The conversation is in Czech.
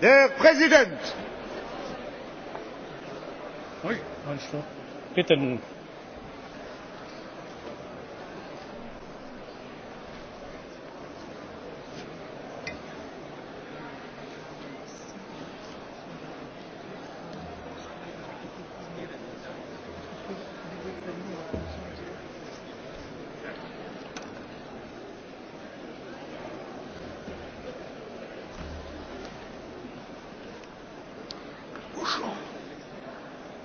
Der Präsident!